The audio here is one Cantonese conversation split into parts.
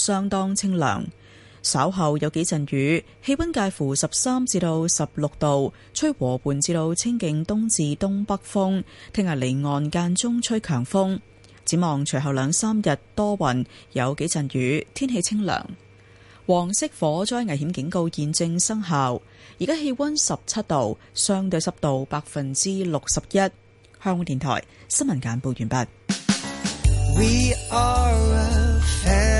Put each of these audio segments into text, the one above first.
相當清涼，稍後有幾陣雨，氣溫介乎十三至到十六度，吹和緩至到清勁東至東北風。聽日離岸間中吹強風，展望隨後兩三日多雲，有幾陣雨，天氣清涼。黃色火災危險警告現正生效，而家氣溫十七度，相對濕度百分之六十一。香港電台新聞簡報完畢。We are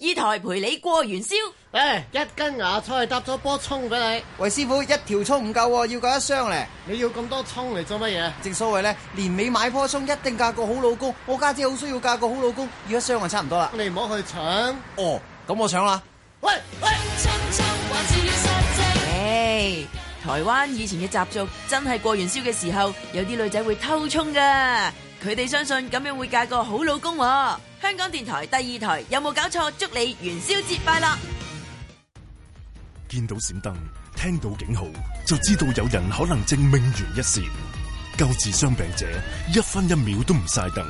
依台陪你過元宵，喂、欸，一斤芽菜搭咗棵蔥俾你。喂，師傅，一條蔥唔夠喎，要夠一箱咧。你要咁多蔥嚟做乜嘢？正所謂咧，年尾買棵蔥，一定嫁個好老公。我家姐好需要嫁個好老公，要一箱就差唔多啦。你唔好去搶。哦，咁我搶啦。喂喂，蔥蔥我是要實情。誒，hey, 台灣以前嘅習俗，真係過元宵嘅時候，有啲女仔會偷蔥噶。佢哋相信咁樣會嫁個好老公，啊。香港電台第二台有冇搞錯？祝你元宵節快樂！見到閃燈，聽到警號，就知道有人可能正命懸一線。救治傷病者，一分一秒都唔晒燈，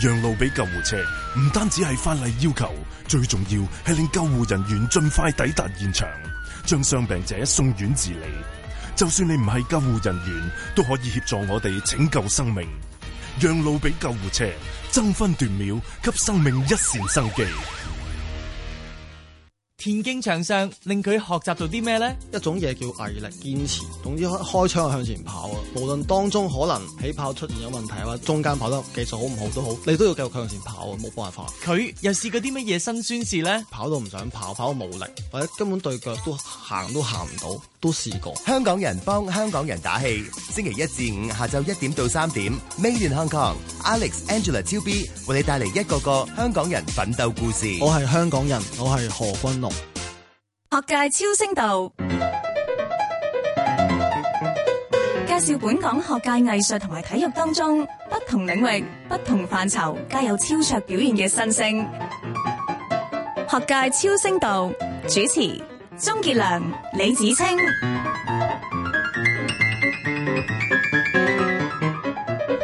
讓路俾救護車。唔單止係法例要求，最重要係令救護人員盡快抵達現場，將傷病者送院治理。就算你唔係救護人員，都可以協助我哋拯救生命。讓路俾救護車，爭分奪秒，給生命一線生機。田徑場上令佢學習到啲咩咧？一種嘢叫毅力、堅持。總之開開槍向前跑啊，無論當中可能起跑出現有問題啊，或者中間跑得技術好唔好都好，你都要繼續向前跑啊，冇辦法。佢又試過啲乜嘢辛酸事咧？跑到唔想跑，跑到無力，或者根本對腳都行都行唔到。都試過，香港人幫香港人打氣。星期一至五下晝一點到三點，Made in Hong Kong，Alex Angela 超 B，為你帶嚟一個個香港人奮鬥故事。我係香港人，我係何君龍。學界超星道， 介紹本港學界、藝術同埋體育當中不同領域、不同範疇皆有超卓表現嘅新星。學界超星道主持。鍾傑良、李芷菁，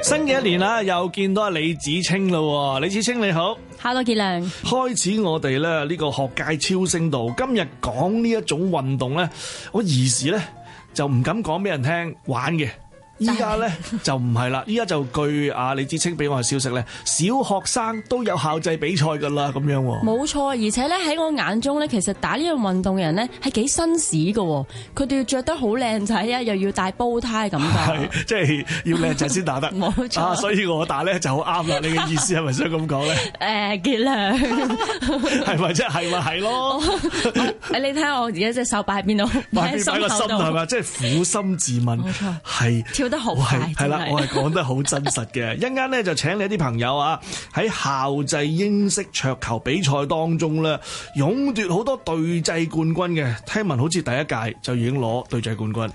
新嘅一年啦，又見到阿李芷菁啦。李芷菁你好，Hello 傑良。開始我哋咧呢個學界超聲道，今日講呢一種運動咧，我兒時咧就唔敢講俾人聽玩嘅。依家咧就唔係啦，依家就據阿李芷菁俾我嘅消息咧，小學生都有校際比賽㗎啦，咁樣喎、哦。冇錯，而且咧喺我眼中咧，其實打呢樣運動嘅人咧係幾紳士嘅，佢哋、哦、要着得好靚仔啊，又要戴煲呔咁。係，即係要靚仔先打得 錯。冇錯、啊。所以我打咧就好啱啦。 你嘅意思係咪想咁講咧？誒 結量，傑 良，係咪即係係咪係咯？你睇下我而家隻手擺喺邊度？擺喺個心度係咪？即係苦心自問。冇係 Okay. 是。係係啦，我係講是了得好真實嘅。一陣間咧就請你啲朋友啊，喺校際英式桌球比賽當中咧，勇奪好多隊際冠軍嘅。聽聞好似第一屆就已經攞隊際冠軍，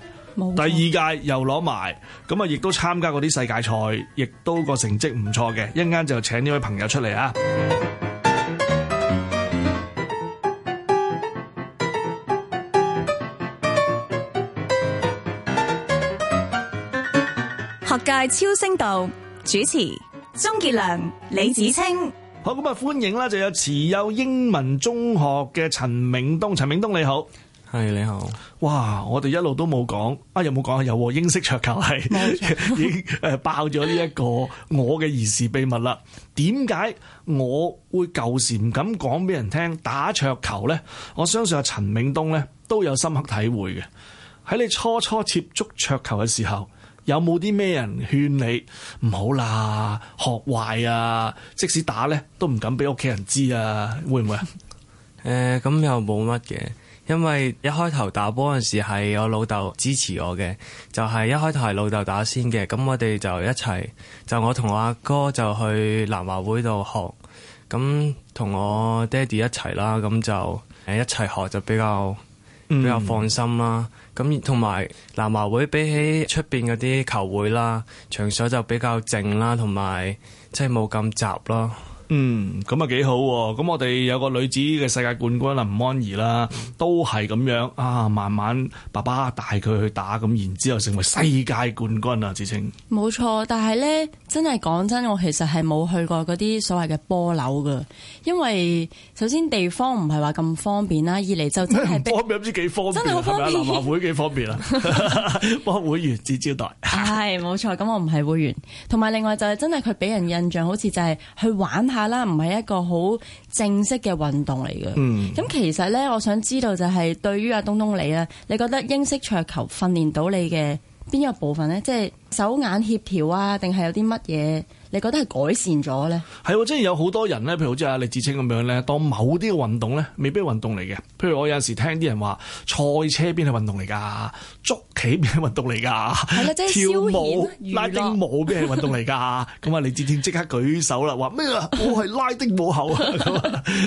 錯第二屆又攞埋，咁啊亦都參加嗰啲世界賽，亦都個成績唔錯嘅。一陣間就請呢位朋友出嚟啊！界超聲道主持鍾傑良、李芷菁，好咁啊！歡迎啦！就有慈幼英文中學嘅陳銘東。陳銘東你好，係，你好。哇！我哋一路都冇講啊，有冇講啊？有英式桌球係 已誒，爆咗呢一個我嘅兒時秘密啦！點解 我會舊時唔敢講俾人聽打桌球咧？我相信阿陳銘東咧都有深刻體會嘅。喺你初初接觸桌球嘅時候。有冇啲咩人勸你唔好啦，學壞啊？即使打呢，都唔敢俾屋企人知啊？會唔會啊？咁、呃、又冇乜嘅，因為一開頭打波嗰陣時係我老豆支持我嘅，就係、係、一開頭係老豆打先嘅。咁我哋就一齊，就我同我阿哥就去南華會度學，咁同我爹哋一齊啦。咁就誒一齊學就比較、嗯、比較放心啦。咁同埋南華會比起出邊嗰啲球會啦，場所就比較靜啦，同埋即係冇咁雜咯。嗯，咁啊幾好，咁我哋有個女子嘅世界冠軍啦，吳安儀啦，都係咁樣啊，慢慢爸爸帶佢去打，咁然之後成為世界冠軍啊！芷菁，冇錯，但係咧真係講真，我其實係冇去過嗰啲所謂嘅波樓噶，因為首先地方唔係話咁方便啦，二嚟就真係方便唔知幾方，便。真係好方便，南華會幾方便啊！便便是是會 會員自招待，係冇錯，咁我唔係會員，同埋另外就係真係佢俾人印象，好似就係去玩下啦，唔係一個好正式嘅運動嚟嘅。咁、嗯、其實咧，我想知道就係對於阿東東你咧，你覺得英式桌球訓練到你嘅邊一個部分咧？即係手眼協調啊，定係有啲乜嘢？你覺得係改善咗咧？係喎、啊，即係有好多人咧，譬如好似阿李芷菁咁樣咧，當某啲嘅運動咧，未必係運動嚟嘅。譬如我有陣時聽啲人話，賽車邊係運動嚟噶？捉棋邊係運動嚟噶？係、啊、跳舞、說拉丁舞邊係運動嚟噶？咁啊，李芷菁即刻舉手啦，話咩啊？我係拉丁舞后啊，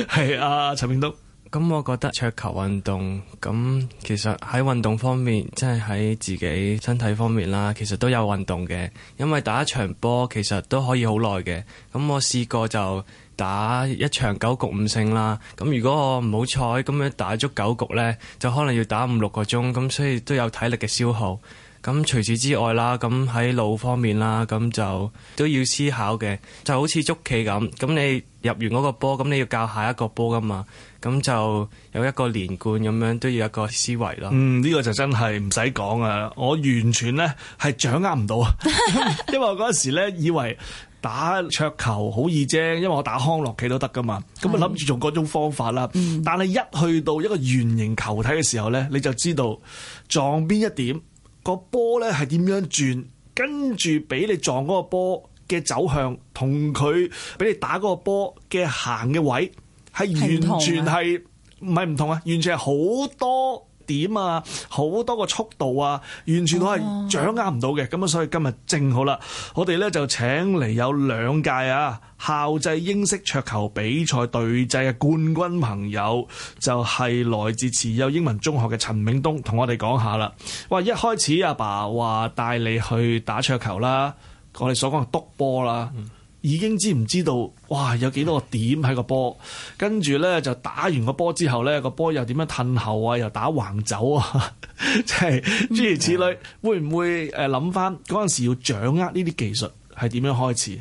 係阿陳銘東。咁、嗯、我覺得桌球運動咁、嗯，其實喺運動方面，即係喺自己身體方面啦，其實都有運動嘅。因為打一場波，其實都可以好耐嘅。咁、嗯、我試過就打一場九局五勝啦。咁、嗯、如果我唔好彩咁樣打足九局呢，就可能要打五六個鐘咁、嗯，所以都有體力嘅消耗。咁除此之外啦，咁喺路方面啦，咁就都要思考嘅。就好似捉棋咁，咁你入完嗰個波，咁你要教下一個波噶嘛。咁就有一個連貫咁樣，都要一個思維咯。嗯、呢、這個就真係唔使講啊！我完全呢係掌握唔到啊， 因為我嗰時呢以為打桌球好易啫，因為我打康樂棋都得噶嘛。咁啊諗住用嗰種方法啦，的但係一去到一個圓形球體嘅時候呢，你就知道撞邊一點。個波咧係點樣轉，跟住俾你撞個波嘅走向，同佢俾你打個波嘅行嘅位，係完全係唔係唔同啊！完全係好多。點啊！好多個速度啊，完全都係掌握唔到嘅。咁啊、uh，所以今日正好啦，我哋呢就請嚟有兩屆啊校際英式桌球比賽隊際嘅冠軍朋友，就係、是、來自慈幼英文中學嘅陳銘東，同我哋講下啦。哇！一開始阿爸話帶你去打桌球啦，我哋所講嘅督波啦。Mm. 已經知唔知道？哇！有幾多個點喺個波？跟住呢，就打完個波之後，呢個波又點樣褪後啊？又打橫走啊？即係諸如此類。會唔會誒諗翻嗰陣時要掌握呢啲技術係點樣開始？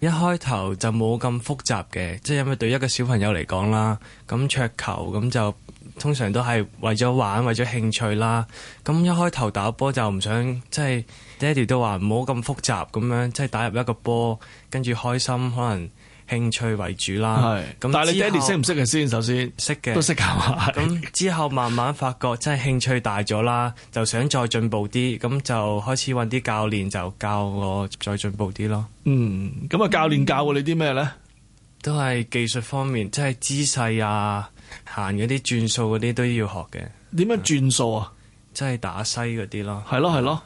一開頭就冇咁複雜嘅，即係因為對一個小朋友嚟講啦，咁桌球咁就。通常都係為咗玩，為咗興趣啦。咁一開頭打波就唔想，即係爹哋都話唔好咁複雜咁樣，即係打入一個波，跟住開心，可能興趣為主啦。係是。咁但係你爹哋識唔識嘅先？首先識嘅。的都識教。咁之後慢慢發覺，即係興趣大咗啦， 就想再進步啲，咁就開始揾啲教練就教我再進步啲咯。嗯，咁啊，教練教你啲咩呢？嗯、都係技術方面，即係姿勢啊。行嗰啲轉數嗰啲都要學嘅，點樣轉數啊？即係打西嗰啲咯，係咯係咯，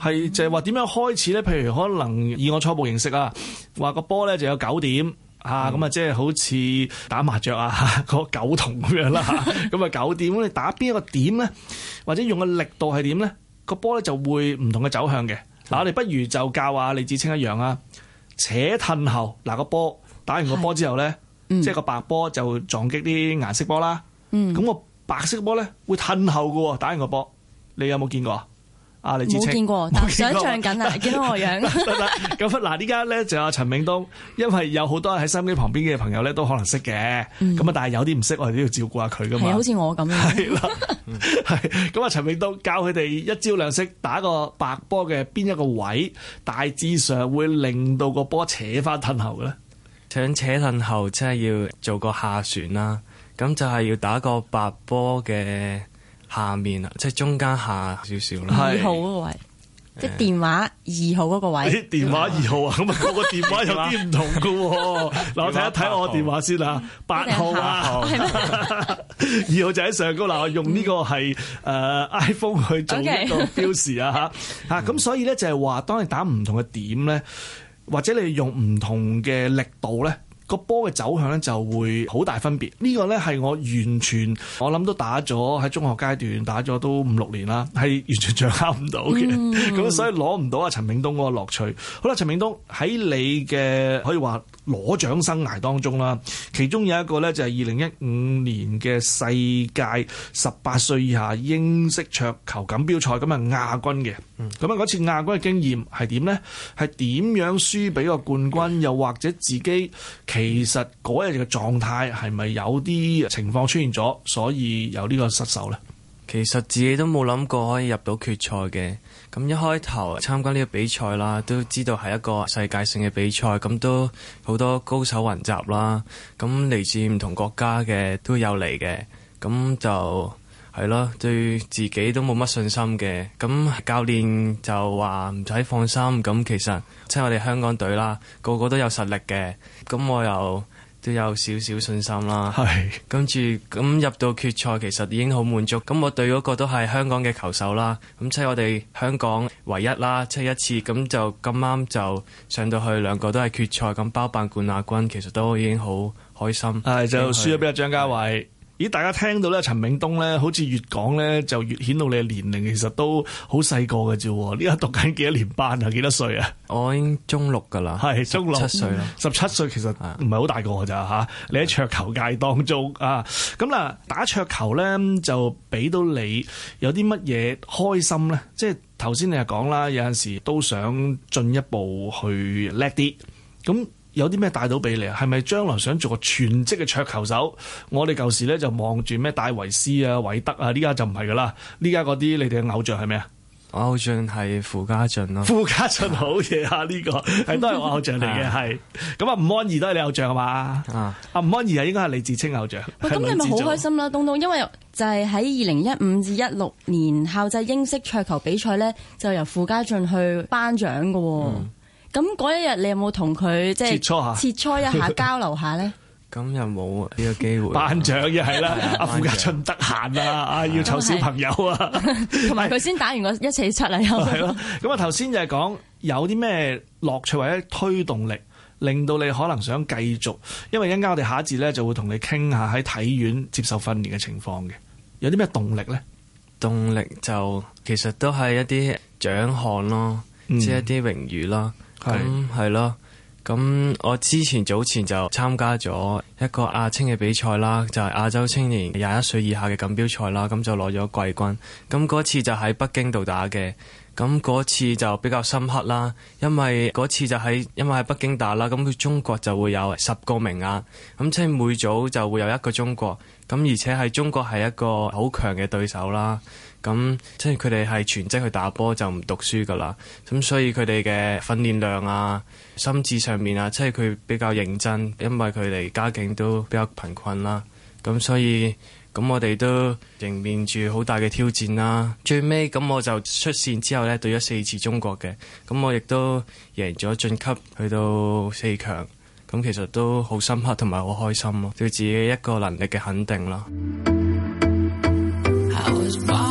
係、嗯、就係話點樣開始咧？譬如可能以我初步認識啊，話個波咧就有九點、嗯、啊，咁啊即係好似打麻雀啊個九筒咁樣啦，咁啊 九點，你打邊一個點咧，或者用嘅力度係點咧，個波咧就會唔同嘅走向嘅。嗱、嗯，我哋不如就教下李芷菁一樣啊，扯褪後嗱個波，打完個波之後咧。即係個白波就會撞擊啲顏色波啦，咁、嗯、個白色波咧會褪後嘅，打完個波，你有冇見過啊？啊，李芷菁冇見過，想象緊啊， 見到我樣。咁嗱， 呢家咧就阿陳銘東，因為有好多喺收音機旁邊嘅朋友咧，都可能識嘅，咁啊、嗯，但係有啲唔識，我哋都要照顧下佢噶嘛。係啊，好似我咁樣。係啦，係咁啊，陳銘東教佢哋一招兩式打個白波嘅邊一個位，大致上會令到個波扯翻褪後嘅咧。想扯褪後，即係要做個下旋啦，咁就係要打個白波嘅下面啦，即係中間下少少啦。二號嗰個位，即係電話二號嗰個位。電話二號啊，咁啊，我個電話有啲唔同噶。嗱，我睇一睇我電話先啦，八號啊，二號就喺上高。嗱，我用呢個係誒 iPhone 去做一個標示啊，吓，啊，咁所以咧就係話，當你打唔同嘅點咧，或者你用唔同嘅力度咧，個波嘅走向咧就會好大分別，呢、這個呢係我完全我諗都打咗喺中學階段打咗都五六年啦，係完全掌握唔到嘅，咁、嗯、 所以攞唔到阿陳銘東嗰個樂趣。好啦，陳銘東喺你嘅可以話攞獎生涯當中啦，其中有一個呢，就係二零一五年嘅世界十八歲以下英式桌球錦標賽咁啊亞軍嘅，咁啊嗰次亞軍嘅經驗係點呢？係點樣輸俾個冠軍？又或者自己？其實嗰日嘅狀態係咪有啲情況出現咗，所以有呢個失手咧？其實自己都冇諗過可以入到決賽嘅。咁一開頭參加呢個比賽啦，都知道係一個世界性嘅比賽，咁都好多高手雲集啦。咁嚟自唔同國家嘅都有嚟嘅，咁就。係咯，對自己都冇乜信心嘅。咁教練就話唔使放心。咁其實，即係我哋香港隊啦，個個都有實力嘅。咁我又都有少少信心啦。係。 跟住咁入到決賽，其實已經好滿足。咁我對嗰個都係香港嘅球手啦。咁即係我哋香港唯一啦，即係一次咁就咁啱就上到去兩個都係決賽。咁包辦冠亞軍，其實都已經好開心。係、 嗯、就輸咗俾阿張家偉。 咦，大家聽到咧，陳銘東咧，好似越講咧就越顯到你嘅年齡，其實都好細個嘅啫喎。呢家讀緊幾多年班啊？幾多歲啊？我已經中六噶啦，係中六，十七歲啦、嗯。十七歲其實唔係好大個嘅咋嚇。啊、你喺桌球界當中啊，咁啦，打桌球咧就俾到你有啲乜嘢開心咧？即係頭先你係講啦，有陣時都想進一步去叻啲咁。有啲咩帶到俾你啊？係咪將來想做個全職嘅桌球手？我哋舊時咧就望住咩戴維斯啊、韋德啊，呢家就唔係噶啦。呢家嗰啲你哋嘅偶像係咩啊？偶像係傅家俊咯。傅家俊好嘢啊！呢個係都係我偶像嚟嘅，係咁啊。吳安儀都係你偶像係嘛？啊，啊吳安儀啊，應該係李芷菁偶像。喂，咁你咪好開心啦，東東，因為就係喺二零一五至一六年校際英式桌球比賽咧，就由傅家俊去頒獎嘅喎。咁嗰一日你有冇同佢即係切磋下，就是，切磋一下交流下咧？咁又冇呢個機會，班長又係啦，阿傅家俊得閒啊，啊要湊小朋友啊，同埋佢先打完個一齊出嚟，係咯。咁啊， 頭、嗯、先就係講有啲咩樂趣或者推動力，令到你可能想繼續，因為一陣間我哋下一節咧就會同你傾下喺體院接受訓練嘅情況嘅，有啲咩動力咧？動力就其實都係一啲獎項咯。即一啲榮譽啦，咁係咯，咁我之前早前就參加咗一個亞青嘅比賽啦，就係，是，亞洲青年廿一歲以下嘅錦標賽啦，咁就攞咗季軍。咁嗰次就喺北京度打嘅，咁嗰次就比較深刻啦，因為嗰次就喺因為喺北京打啦，咁佢中國就會有十個名額，咁即係每組就會有一個中國，咁而且係中國係一個好強嘅對手啦。咁即係佢哋係全職去打波就唔讀書噶啦，咁所以佢哋嘅訓練量啊、心智上面啊，即係佢比較認真，因為佢哋家境都比較貧困啦、啊。咁所以咁我哋都迎面住好大嘅挑戰啦、啊。最尾咁我就出線之後呢，對咗四次中國嘅，咁我亦都贏咗晉級去到四強，咁其實都好深刻同埋好開心咯、啊，對自己一個能力嘅肯定啦、啊。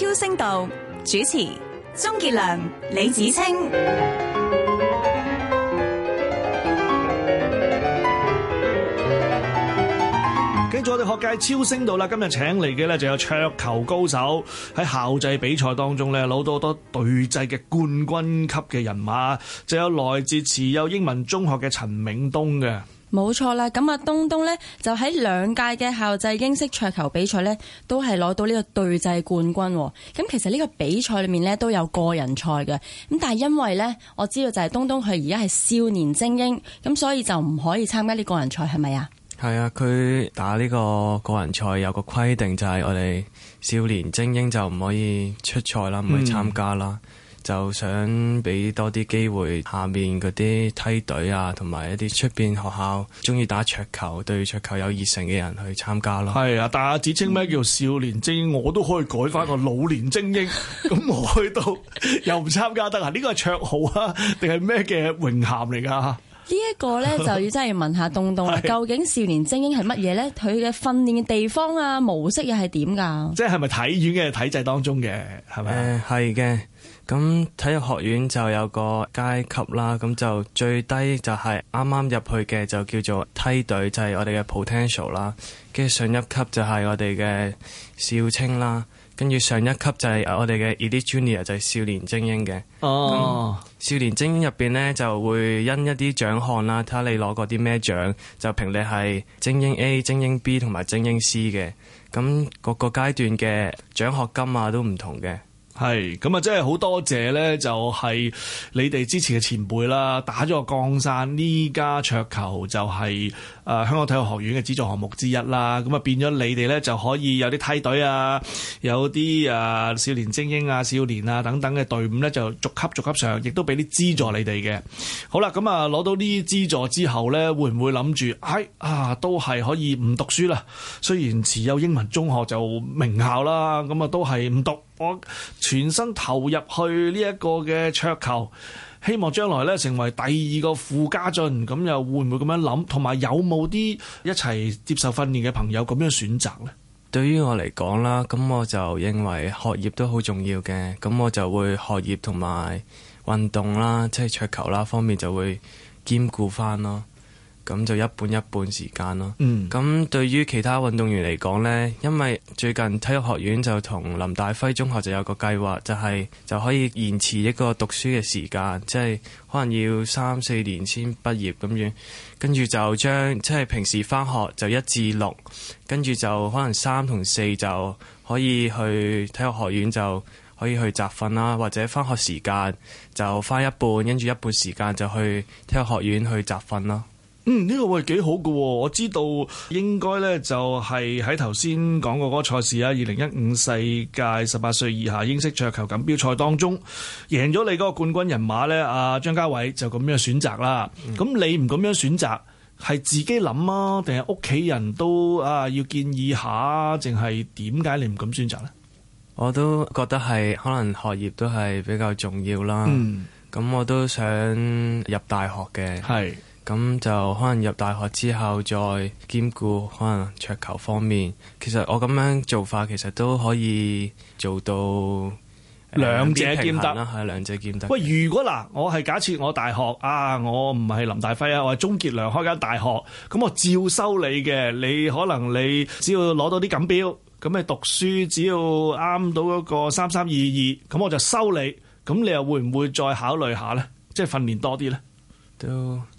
超聲道主持鍾傑良、李芷菁，跟住我哋學界超聲道啦！今日請嚟嘅咧就有桌球高手喺校際比賽當中咧攞到多隊際嘅冠軍級嘅人馬，就有來自慈幼英文中學嘅陳銘東嘅。冇錯啦，咁阿東東呢，就喺兩屆嘅校際英式桌球比賽呢，都係攞到呢個隊際冠軍。咁其實呢個比賽裏面呢，都有個人賽嘅，咁但係因為呢，我知道就係東東佢而家係少年精英，咁所以就唔可以參加呢個人賽，係咪啊？係啊，佢打呢個個人賽、啊、有個規定就係我哋少年精英就唔可以出賽啦，唔可以參加啦。嗯就想俾多啲機會下面嗰啲梯隊啊，同埋一啲出邊學校中意打桌球、對桌球有熱誠嘅人去參加咯。係啊，但係芷菁，咩叫少年精英？我都可以改翻個老年精英，咁 我去到又唔參加得啊？呢個係綽號啊，定係咩嘅榮銜嚟㗎？呢一個呢， 就真要真係問下東東， 究竟少年精英係乜嘢呢？佢嘅 訓練嘅地方啊、模式又係點㗎？ 即係係咪體院嘅體制當中嘅係咪啊？係嘅，咁、呃、體育學院就有個階級啦，咁就最低就係啱啱入去嘅就叫做梯隊，就係、是、我哋嘅 potential 啦，跟住上一級就係我哋嘅少青啦。跟住上一級就係我哋嘅 Elite Junior，就係少年精英嘅。哦，oh. 少年精英入邊呢，就會因一啲獎項啦，睇下你攞過啲咩獎，就評你係精英 A、精英 B 同埋精英 C 嘅。咁各個階段嘅獎學金啊都唔同嘅。係咁啊！真係好多謝咧，就係你哋之前嘅前輩啦，打咗個江山。呢家桌球就係啊香港體育學院嘅資助項目之一啦。咁啊變咗你哋咧就可以有啲梯隊啊，有啲啊少年精英啊、少年啊等等嘅隊伍咧，就逐級逐級上，亦都俾啲資助你哋嘅。好啦，咁啊攞到呢啲資助之後咧，會唔會諗住唉啊都係可以唔讀書啦？雖然慈幼英文中學就名校啦，咁啊都係唔讀。我全身投入去呢一個嘅桌球，希望將來咧成為第二個傅家俊咁，又會唔會咁樣諗？同埋有冇啲一齊接受訓練嘅朋友咁樣選擇呢？對於我嚟講啦，咁我就認為學業都好重要嘅，咁我就會學業同埋運動啦，即係桌球啦方面就會兼顧翻咯咁就一半一半時間咯。咁、嗯、對於其他運動員嚟講呢，因為最近體育學院就同林大輝中學就有個計劃，就係、是、就可以延遲一個讀書嘅時間，即、就、係、是、可能要三四年先畢業咁樣。跟住就將即係平時翻學就一至六，跟住就可能三同四就可以去體育學院就可以去集訓啦，或者翻學時間就翻一半，跟住一半時間就去體育學院去集訓啦。嗯，呢、這個位幾好噶，我知道應該呢就係喺頭先講過嗰個賽事啊，二零一五世界十八歲以下英式桌球錦標賽當中，贏咗你嗰個冠軍人馬呢。阿、啊、張家偉就咁樣選擇啦。咁、嗯、你唔咁樣選擇，係自己諗啊，定係屋企人都啊要建議下，淨係點解你唔咁選擇呢？我都覺得係可能學業都係比較重要啦。咁、嗯、我都想入大學嘅，係。咁就可能入大學之後再兼顧可能桌球方面。其實我咁樣做法其實都可以做到、呃、兩者兼得啦，係兩者兼得。喂，如果嗱，我係假設我大學啊，我唔係林大輝啊，我係鍾傑良開間大學，咁我照收你嘅。你可能你只要攞到啲錦標，咁你讀書，只要啱到嗰個三三二二，咁我就收你。咁你又會唔會再考慮下呢？即係訓練多啲呢？都。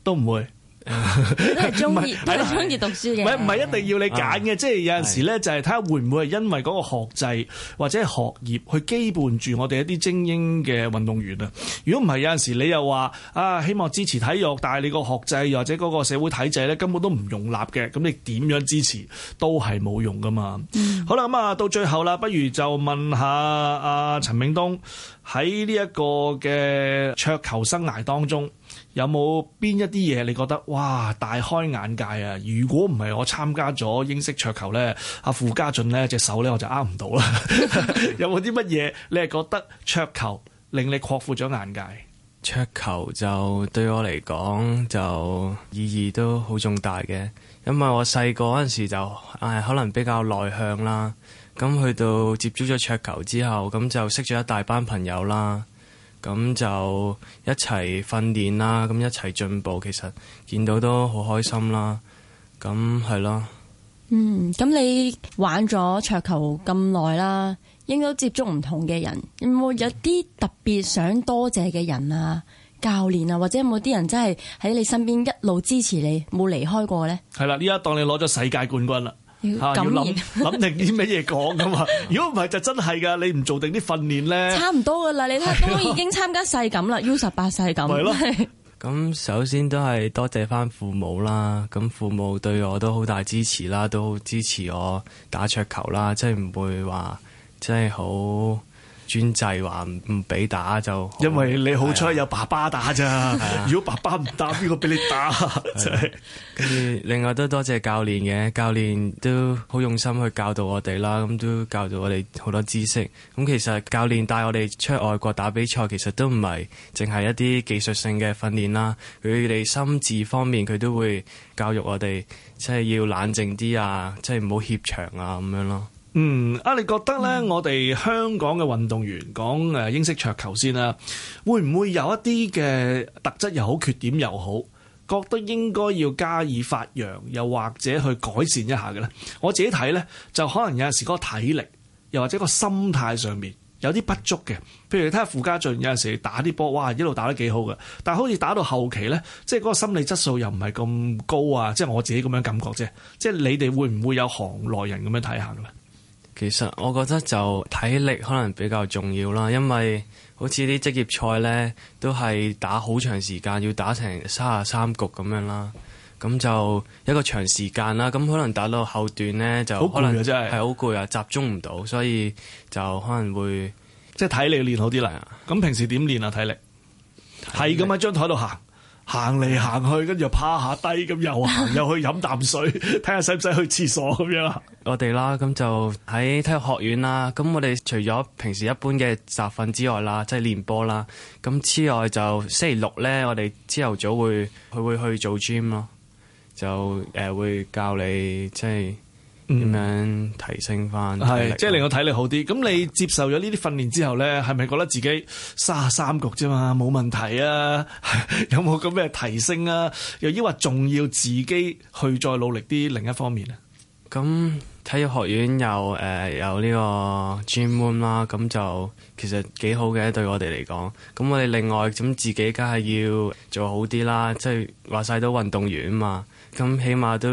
都唔會、嗯， 都係中意，都係中意讀書嘅。唔係，唔係一定要你揀嘅。即係的有陣時咧，就係睇下會唔會係因為嗰個學制或者學業去羈絆住我哋一啲精英嘅運動員啊？如果唔係，有陣時你又話啊，希望支持體育，但係你個學制又或者嗰個社會體制咧，根本都唔容納嘅。咁你點樣支持都係冇用噶嘛？的好啦，咁、嗯、啊、嗯、到最後啦，不如就問下阿陳銘東喺呢一個嘅桌球生涯當中。有冇邊一啲嘢，你覺得哇，大開眼界啊？如果唔係我參加咗英式桌球呢，阿、啊、傅家俊呢隻手呢，我就啱唔到啦。 有冇啲乜嘢你係覺得桌球令你擴闊咗眼界？桌球就對我嚟講就意義都好重大嘅，因為我細個嗰陣時就唉、哎，可能比較內向啦，咁去到接觸咗桌球之後，咁就識咗一大班朋友啦。咁就一齊訓練啦，咁一齊進步，其實見到都好開心啦。咁係咯。嗯，咁你玩咗桌球咁耐啦，應該都接觸唔同嘅人，有冇有啲特別想多謝嘅人啊？教練啊，或者有冇啲人真係喺你身邊一路支持你，冇離開過呢？係啦，呢 一當你攞咗世界冠軍啦。要諗諗定啲咩嘢講㗎嘛？如果唔係就真係噶， 你唔做定啲訓練咧，差唔多噶啦。你睇都已經參加世錦啦 ，U 十八世錦。係咯。咁首先都係多謝翻父母啦。咁父母對我都好大支持啦，都好支持我打桌球啦，即係唔會話即係好。專制話唔唔俾打就，因為你好彩有爸爸打咋。 如果爸爸唔打，邊個俾你打？另外都多謝教練嘅，教練都好用心去教導我哋啦，咁都教導我哋好多知識。咁其實教練帶我哋出外國打比賽，其實都唔係淨係一啲技術性嘅訓練啦，佢哋心智方面佢都會教育我哋，即係要冷靜啲啊，即係唔好怯場啊咁樣咯。嗯啊，你覺得咧，嗯、我哋香港嘅運動員講誒英式桌球先啦，會唔會有一啲嘅特質又好，缺點又好，覺得應該要加以發揚，又或者去改善一下嘅咧？我自己睇咧，就可能有陣時嗰個體力，又或者個心態上面有啲不足嘅。譬如你睇下傅家俊有陣時打啲波，哇，一路打得幾好嘅，但係好似打到後期咧，即係嗰個心理質素又唔係咁高啊！即係我自己咁樣感覺啫。即係你哋會唔會有行內人咁樣睇下嘅？其實我覺得就體力可能比較重要啦，因為好似啲職業賽呢，都係打好長時間，要打成三十三局咁樣啦，咁就一個長時間啦，咁可能打到後段呢，就可能係好攰啊，是集中唔到，所以就可能會即係體力練好啲啦。咁啦平時點練啊體力？係咁喺張台度行。行嚟行去，跟住又趴下低咁又行，又去飲啖水，睇下使唔使去廁所咁樣。我哋啦，咁就喺體育學院啦。咁我哋除咗平時一般嘅集訓之外啦，即係練波啦。咁之外就星期六咧，我哋朝頭早會佢會去做 gym 咯，就誒、呃、會教你即係。咁樣提升翻，係 即係令我體力好啲。咁你接受咗呢啲訓練之後咧，係咪覺得自己三十三局啫嘛，冇問題啊？ 有冇咁嘅提升啊？又抑或仲要自己去再努力啲另一方面咧？咁體育學院有誒、呃、有呢個 gym room 啦，咁就其實幾好嘅，對我哋嚟講。咁我哋另外咁自己梗係要做好啲啦，即係話晒都運動員啊嘛。咁起碼都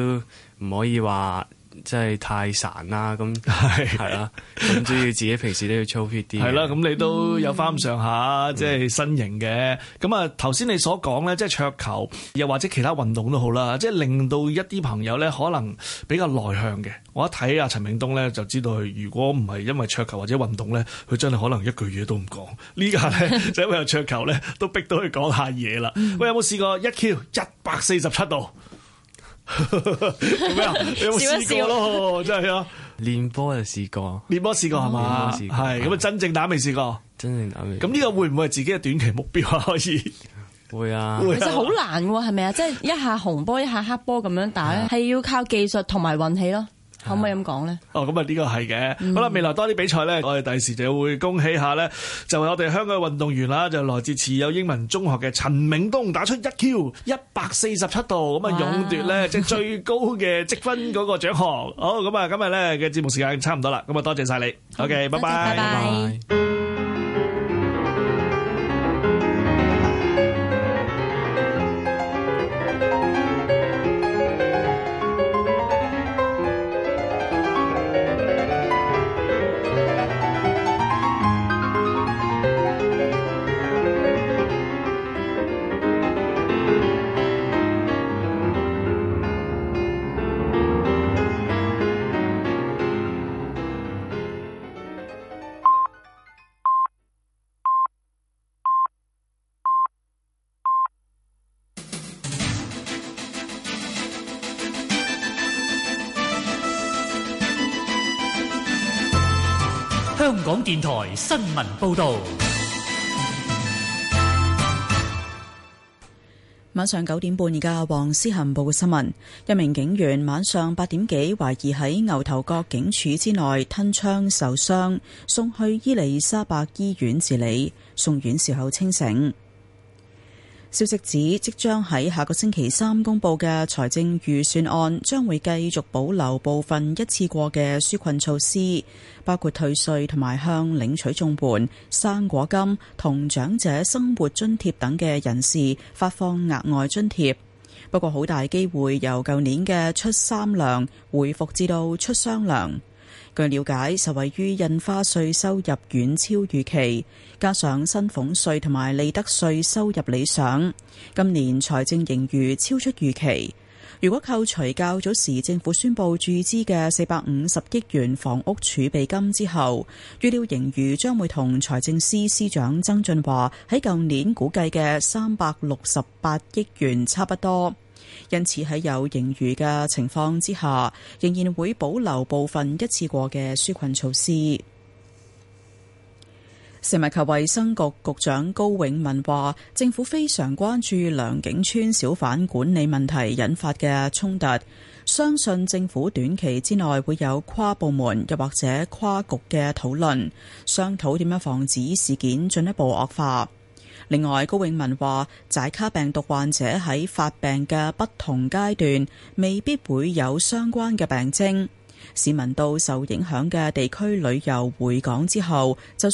唔可以話。即係太散啦，咁係係啦，咁所以自己平時都要粗啲。係啦，咁你都有翻咁上下，即係身形嘅。咁啊，頭先你所講咧，即係桌球又或者其他運動都好啦，即係令到一啲朋友咧，可能比較內向嘅。我一睇阿陳銘東咧，就知道佢如果唔係因為桌球或者運動咧，佢真係可能一句嘢都唔講。呢家，咧就因為有桌球咧，都逼到佢講下嘢啦。喂，有冇試過一 Q，一百四十七度？做咩啊？ 你有冇試過咯？真係啊！練波就試過，練波試過係嘛？係咁啊！真正打未試過，真正打未。咁呢個會唔會係自己嘅短期目標啊？可以，會啊。 其實好難係咪啊？即係一下紅波，一下黑波咁樣打，係 要靠技術同埋運氣咯。可唔可以咁講咧？哦，咁啊呢個係嘅。嗯、好啦，未來多啲比賽咧，我哋第時就會恭喜下咧，就係我哋香港嘅運動員啦，就來自慈幼英文中學嘅陳銘東打出一 Q 一百四十七度，咁啊，勇奪咧即係最高嘅積分嗰個獎項。好，咁啊，今日咧嘅節目時間已經差唔多啦，咁啊多謝晒你。OK，拜拜。Bye bye. Bye bye. 電台新聞報道：晚上九點半，而家黃思恒報嘅新聞，一名警員晚上八點幾，懷疑喺牛頭角警署之內吞槍受傷，送去伊利沙伯醫院治理，送院時候清醒。消息指，即將喺下個星期三公布嘅財政預算案，將會繼續保留部分一次過嘅紓困措施，包括退稅同埋向領取綜援、生果金同長者生活津貼等嘅人士發放額外津貼。不過，好大機會由舊年嘅出三糧回復至到出雙糧。據了解，受惠於印花稅收入遠超預期，加上薪俸稅同埋利得稅收入理想，今年財政盈餘超出預期。如果扣除較早時政府宣布注資嘅四百五十億元房屋儲備金之後，預料盈餘將會同財政司司長曾俊華喺舊年估計嘅三百六十八億元差不多。因此喺有盈餘嘅情況之下，仍然會保留部分一次過嘅紓困措施。食物及衛生局局長高永文話，政府非常關注良景村小販管理問題引發嘅衝突，相信政府短期之內會有跨部門又或者跨局嘅討論，商討點樣防止事件進一步惡化。另外，高永文話寨卡病毒患者喺發病嘅不同階段，未必會有相關嘅病徵，市民到受影響嘅地區旅遊回港之後，就